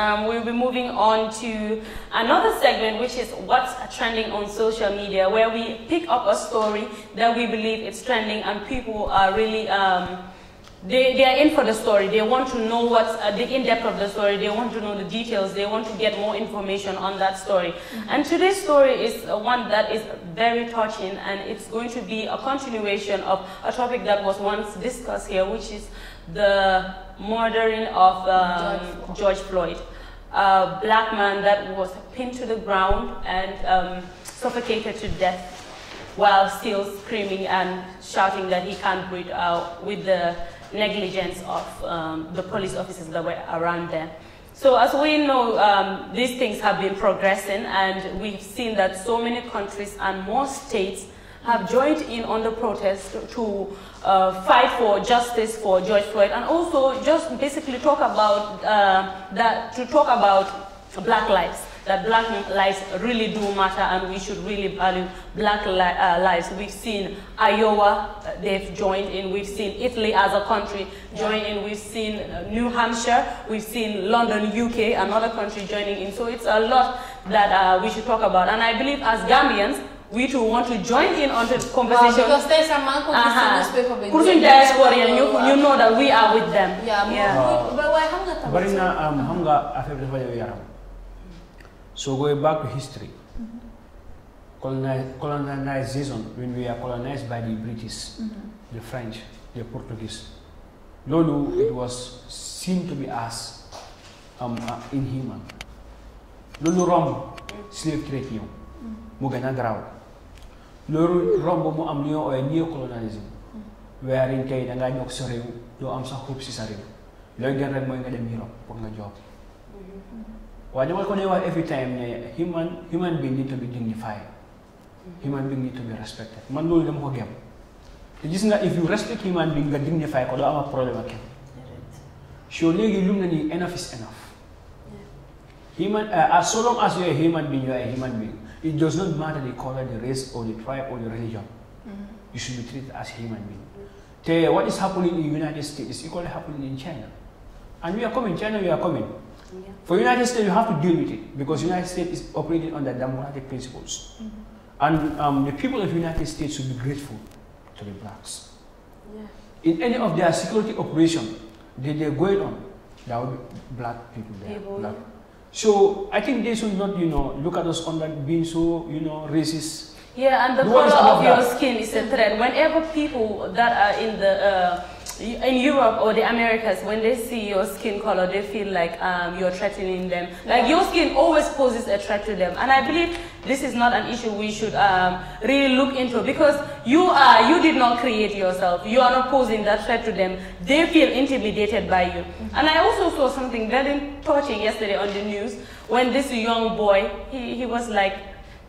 um, we'll be moving on to another segment, which is what's trending on social media, where we pick up a story that we believe is trending and people are really. Um, they, they are in for the story. They want to know what's uh, the in-depth of the story. They want to know the details. They want to get more information on that story. Mm -hmm. And today's story is one that is very touching and it's going to be a continuation of a topic that was once discussed here, which is the murdering of um, George Floyd, a black man that was pinned to the ground and um, suffocated to death while still screaming and shouting that he can't breathe out with the negligence of um, the police officers that were around them. So as we know, um, these things have been progressing and we've seen that so many countries and more states have joined in on the protest to uh, fight for justice for George Floyd and also just basically talk about uh, that, to talk about black lives that black lives really do matter and we should really value black li uh, lives. We've seen Iowa, uh, they've joined in. We've seen Italy as a country join in. We've seen uh, New Hampshire. We've seen London, UK, another country joining in. So it's a lot that uh, we should talk about. And I believe as Gambians, which too want to join in on the conversation. because there's a man uh -huh. the diaspora and you, you know that we are with them. Yeah. yeah. But why hunger? Bari na um So going back to history. Mm-hmm. Colonization when we are colonized by the British, mm -hmm. the French, the Portuguese. Lulu, mm -hmm. it was seen to be as um, uh, inhuman. Lulu rom mm-hmm. slave trade new. Mm-hmm. Mugana grau. loolu romb mu am li ñoo ooyee néocolonisme weeriñ kay da nga ñoog so rew do am sax xub si sa réew looy gën rek moy nga dem Europe pour nga job wa ñu ko ne wa every time ne human human being need to be dignified human being need to be respected man lolu dama ko gëm te gis nga if you respect human being nga dignify ko do am problème ak kenn so léegi lum enough is enough human uh, as long as you are a human being you are a human being It does not matter the color, the race, or the tribe, or the religion. Mm -hmm. You should be treated as human being. what is happening in the United States is equally happening in China. And we are coming, China, we are coming. Yeah. For United States, you have to deal with it because United States is operating under democratic principles. Mm -hmm. And um, the people of United States should be grateful to the blacks. Yeah. In any of their security operation that they're going on, there will be black people there. black yeah so I think they should not, you know, look at us on that being so, you know, racist. Yeah, and the no color of that. your skin is a threat. Whenever people that are in the uh, in Europe or the Americas, when they see your skin color, they feel like um, you're threatening them. Like your skin always poses a threat to them, and I believe this is not an issue we should um, really look into because you are you did not create yourself. You are not posing that threat to them. They feel intimidated by you. Mm-hmm. And I also saw something very touching yesterday on the news when this young boy he, he was like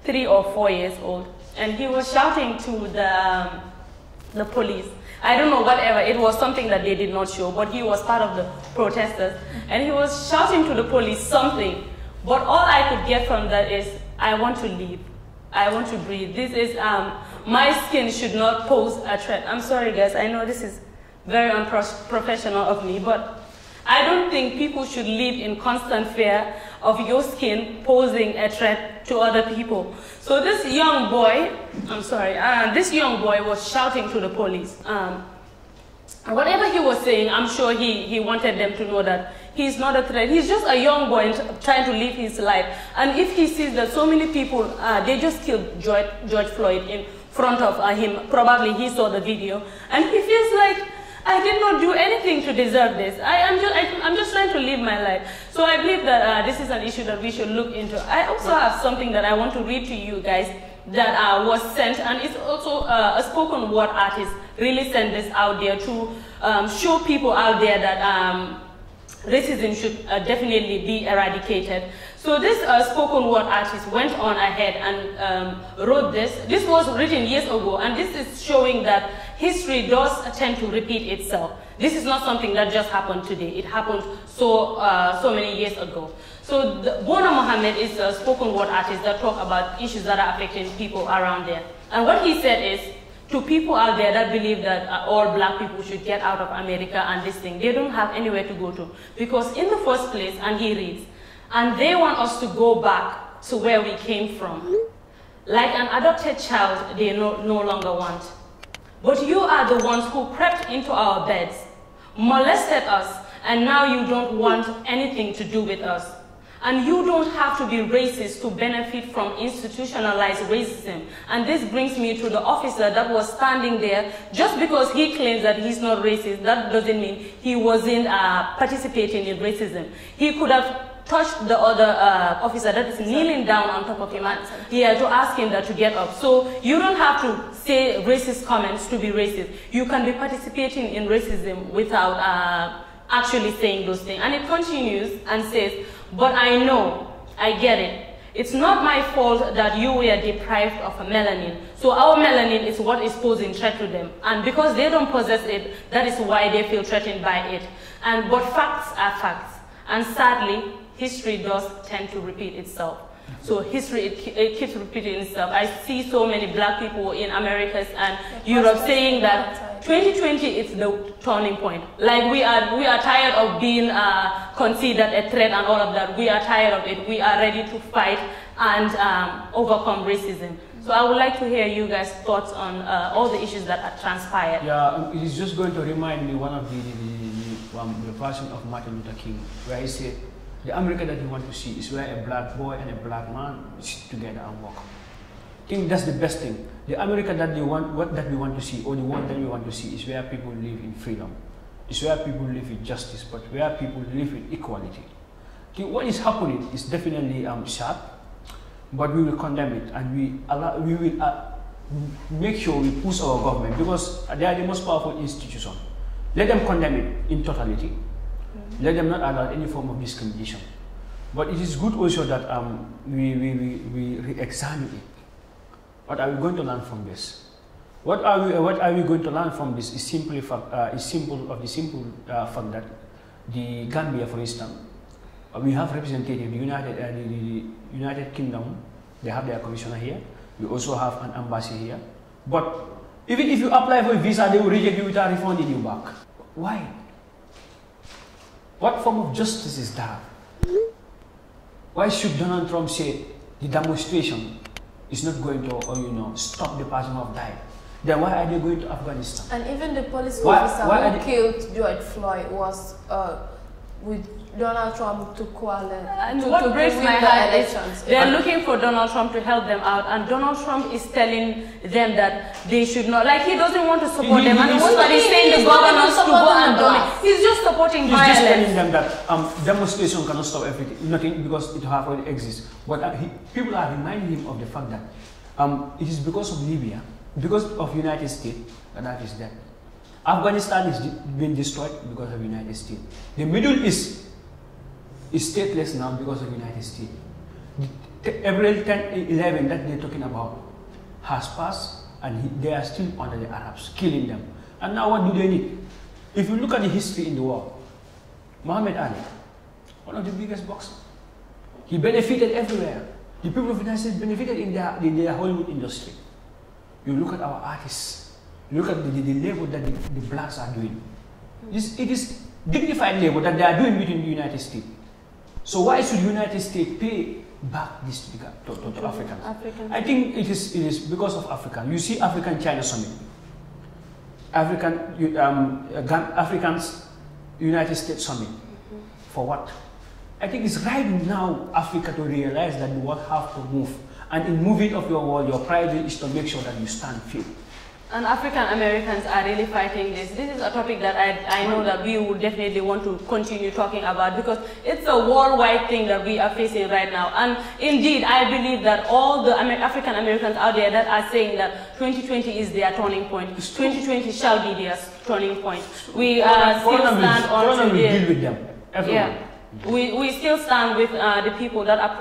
three or four years old, and he was shouting to the um, the police. I don't know, whatever. It was something that they did not show, but he was part of the protesters. And he was shouting to the police something. But all I could get from that is, I want to leave. I want to breathe. This is, um, my skin should not pose a threat. I'm sorry, guys. I know this is very unprofessional of me, but I don't think people should live in constant fear of your skin posing a threat to other people. So this young boy, I'm sorry, uh, this young boy was shouting to the police. Um, whatever he was saying, I'm sure he, he wanted them to know that he's not a threat. He's just a young boy trying to live his life. And if he sees that so many people, uh, they just killed George, George Floyd in front of uh, him, probably he saw the video, and he feels like I did not do anything to deserve this. I am just, I, am just trying to live my life. So I believe that uh, this is an issue that we should look into. I also have something that I want to read to you guys that uh, was sent, and it's also uh, a spoken word artist really sent this out there to um, show people out there that um, racism should uh, definitely be eradicated. So this uh, spoken word artist went on ahead and um, wrote this. This was written years ago, and this is showing that history does tend to repeat itself. This is not something that just happened today. It happened so, uh, so many years ago. So the, Bona Mohammed is a spoken word artist that talk about issues that are affecting people around there. And what he said is, to people out there that believe that uh, all black people should get out of America and this thing, they don't have anywhere to go to. Because in the first place, and he reads, and they want us to go back to where we came from. Like an adopted child, they no, no longer want. But you are the ones who crept into our beds, molested us, and now you don't want anything to do with us. And you don't have to be racist to benefit from institutionalized racism. And this brings me to the officer that was standing there. Just because he claims that he's not racist, that doesn't mean he wasn't uh, participating in racism. He could have touched the other uh, officer that is kneeling down on top of him and yeah, to ask him that to get up. So you don't have to say racist comments to be racist. You can be participating in racism without uh, actually saying those things. And it continues and says, but I know, I get it. It's not my fault that you were deprived of melanin. So our melanin is what is posing threat to them. And because they don't possess it, that is why they feel threatened by it. And but facts are facts. And sadly, history does tend to repeat itself. So history, it, it, keeps repeating itself. I see so many black people in Americas and Europe saying that 2020 is the turning point. Like we are, we are tired of being uh, considered a threat and all of that. We are tired of it. We are ready to fight and um, overcome racism. So I would like to hear you guys' thoughts on uh, all the issues that are transpired. Yeah, it is just going to remind me one of the, the, the, um, the version of Martin Luther King, where he said, the America that you want to see is where a black boy and a black man sit together and work. I think that's the best thing. The America that you want, what that we want to see, or the one that we want to see, is where people live in freedom. It's where people live in justice, but where people live in equality. The, what is happening is definitely um, sad, but we will condemn it and we allow, we will uh, make sure we push our government because they are the most powerful institution. Let them condemn it in totality. Let them not allow any form of discrimination. But it is good also that um, we, we, we, we re-examine it. What are we going to learn from this? What are we, what are we going to learn from this is simply fact, uh, is simple of the simple uh, fact that the Gambia, for instance, uh, we have representative, the United, uh, the, the United Kingdom, they have their commissioner here. We also have an embassy here. But even if you apply for a visa, they will reject you without refunding you back. Why? What form of justice is that? Why should Donald Trump say the demonstration is not going to, or, oh, you know, stop the passing of died? Then why are they going to Afghanistan? And even the police why, officer why who they... killed George Floyd was uh, with Donald Trump to coalesce uh, and to, what to breaks my heart the elections. They're looking for Donald Trump to help them out, and Donald Trump is telling them that they should not. Like he doesn't want to support he, them, and he's saying the governors to go and dominate. He's just supporting he's violence. He's just telling them that um, demonstration cannot stop everything, nothing because it already exists. But uh, he, people are reminding him of the fact that um, it is because of Libya, because of United States, and that is there. Afghanistan is being destroyed because of the United States. The Middle East is stateless now because of the United States. April 10, 11 that they're talking about has passed and they are still under the Arabs, killing them. And now what do they need? If you look at the history in the world, Muhammad Ali, one of the biggest boxers, he benefited everywhere. The people of the United States benefited in their, in their Hollywood industry. You look at our artists, Look at the, the, the labor that the, the blacks are doing. It's, it is dignified labor that they are doing within the United States. So why should the United States pay back this to, the, to, to, to Africans? African. I think it is, it is because of Africa. You see African-China summit. African, um, Africans United States summit. Mm -hmm. For what? I think it's right now Africa to realize that you have to move. And in moving of your world, your priority is to make sure that you stand firm. And African Americans are really fighting this. This is a topic that I, I know that we would definitely want to continue talking about because it's a worldwide thing that we are facing right now. And indeed, I believe that all the Amer African Americans out there that are saying that 2020 is their turning point, 2020 shall be their turning point. We are still stand on to deal with them. Everyone. Yeah. We, we still stand with uh, the people that are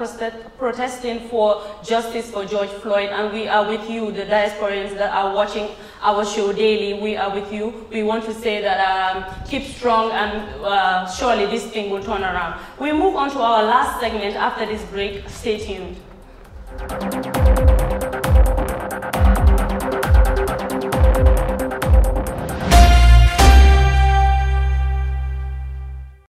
protesting for justice for George Floyd, and we are with you, the diasporans that are watching our show daily. We are with you. We want to say that um, keep strong, and uh, surely this thing will turn around. We move on to our last segment after this break. Stay tuned.